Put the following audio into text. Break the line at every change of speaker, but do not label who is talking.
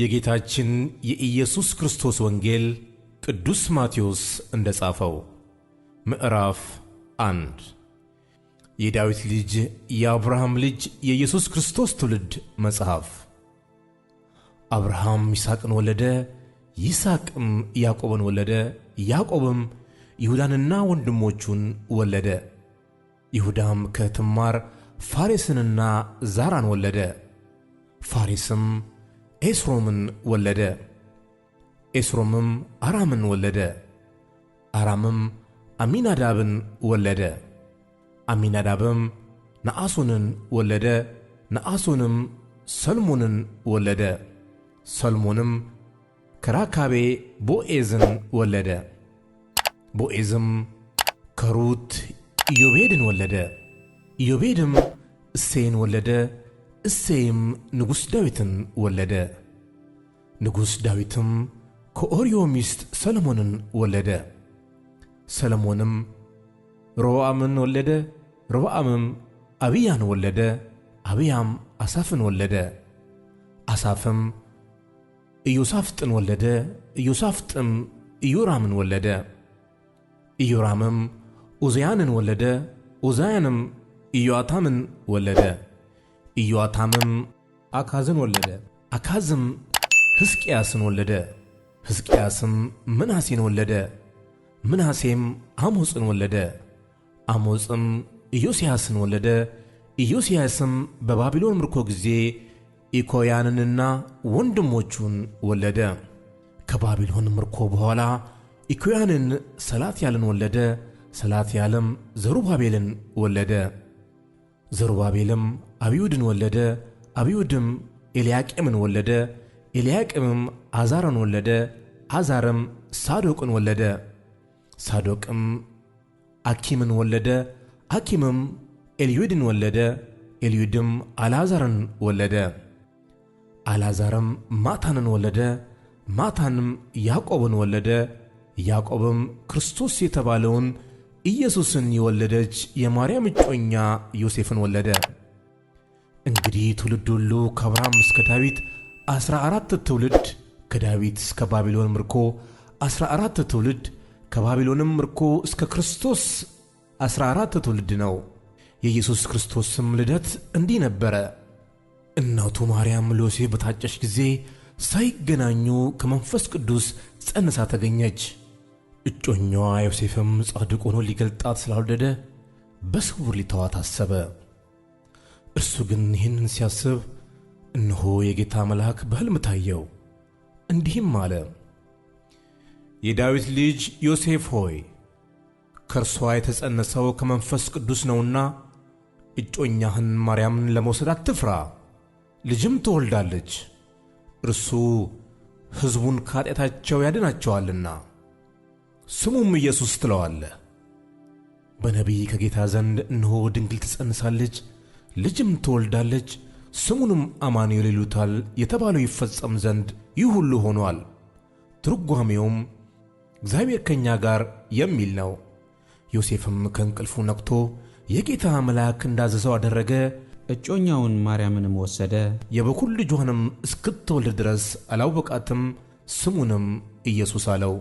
የጌታችን የኢየሱስ ክርስቶስ ወንጌል ቅዱስ ማቴዎስ እንደ ጻፈው ምዕራፍ አንድ የዳዊት ልጅ የአብርሃም ልጅ የኢየሱስ ክርስቶስ ትውልድ መጽሐፍ። አብርሃም ይስሐቅን ወለደ፣ ይስሐቅም ያዕቆብን ወለደ፣ ያዕቆብም ይሁዳንና ወንድሞቹን ወለደ። ይሁዳም ከትማር ፋሬስንና ዛራን ወለደ። ፋሬስም ኤስሮምን ወለደ። ኤስሮምም አራምን ወለደ። አራምም አሚናዳብን ወለደ። አሚናዳብም ነአሶንን ወለደ። ነአሶንም ሰልሞንን ወለደ። ሰልሞንም ከራካቤ ቦኤዝን ወለደ። ቦኤዝም ከሩት ኢዮቤድን ወለደ። ኢዮቤድም እሴይን ወለደ። እሴይም ንጉሥ ዳዊትን ወለደ። ንጉሥ ዳዊትም ከኦርዮ ሚስት ሰሎሞንን ወለደ። ሰሎሞንም ሮብዓምን ወለደ። ሮብዓምም አብያን ወለደ። አብያም አሳፍን ወለደ። አሳፍም ኢዮሳፍጥን ወለደ። ኢዮሳፍጥም ኢዮራምን ወለደ። ኢዮራምም ኡዝያንን ወለደ። ኡዝያንም ኢዮአታምን ወለደ። ኢዮአታምም አካዝን ወለደ። አካዝም ሕዝቅያስን ወለደ። ሕዝቅያስም ምናሴን ወለደ። ምናሴም አሞጽን ወለደ። አሞጽም ኢዮስያስን ወለደ። ኢዮስያስም በባቢሎን ምርኮ ጊዜ ኢኮያንንና ወንድሞቹን ወለደ። ከባቢሎን ምርኮ በኋላ ኢኮያንን ሰላትያልን ወለደ። ሰላትያልም ዘሩባቤልን ወለደ። ዘሩባቤልም አብዩድን ወለደ። አብዩድም ኤልያቄምን ወለደ። ኤልያቄምም አዛርን ወለደ። አዛርም ሳዶቅን ወለደ። ሳዶቅም አኪምን ወለደ። አኪምም ኤልዩድን ወለደ። ኤልዩድም አልዓዛርን ወለደ። አልዓዛርም ማታንን ወለደ። ማታንም ያዕቆብን ወለደ። ያዕቆብም ክርስቶስ የተባለውን ኢየሱስን የወለደች የማርያም እጮኛ ዮሴፍን ወለደ። እንግዲህ ትውልድ ሁሉ ከአብርሃም እስከ ዳዊት ዐሥራ አራት ትውልድ፣ ከዳዊት እስከ ባቢሎን ምርኮ ዐሥራ አራት ትውልድ፣ ከባቢሎንም ምርኮ እስከ ክርስቶስ ዐሥራ አራት ትውልድ ነው። የኢየሱስ ክርስቶስም ልደት እንዲህ ነበረ። እናቱ ማርያም ለዮሴፍ በታጨች ጊዜ ሳይገናኙ ከመንፈስ ቅዱስ ጸንሳ ተገኘች። እጮኛዋ ዮሴፍም ጻድቅ ሆኖ ሊገልጣት ስላልወደደ በስውር ሊተዋት አሰበ። እርሱ ግን ይህንን ሲያስብ እነሆ የጌታ መልአክ በሕልም ታየው፣ እንዲህም አለ። የዳዊት ልጅ ዮሴፍ ሆይ ከእርሷ የተጸነሰው ከመንፈስ ቅዱስ ነውና እጮኛህን ማርያምን ለመውሰድ አትፍራ፣ ልጅም ትወልዳለች፣ እርሱ ሕዝቡን ከኃጢአታቸው ያድናቸዋልና። ስሙም ኢየሱስ ትለዋለ። በነቢይ ከጌታ ዘንድ እነሆ ድንግል ትጸንሳለች፣ ልጅም ትወልዳለች፣ ስሙንም አማኑኤል ይሉታል የተባለው ይፈጸም ዘንድ ይህ ሁሉ ሆኗል። ትርጓሜውም እግዚአብሔር ከእኛ ጋር የሚል ነው። ዮሴፍም ከእንቅልፉ ነቅቶ የጌታ መልአክ እንዳዘዘው አደረገ። እጮኛውን ማርያምንም ወሰደ። የበኩር ልጇንም እስክትወልድ ድረስ አላወቃትም። ስሙንም ኢየሱስ አለው።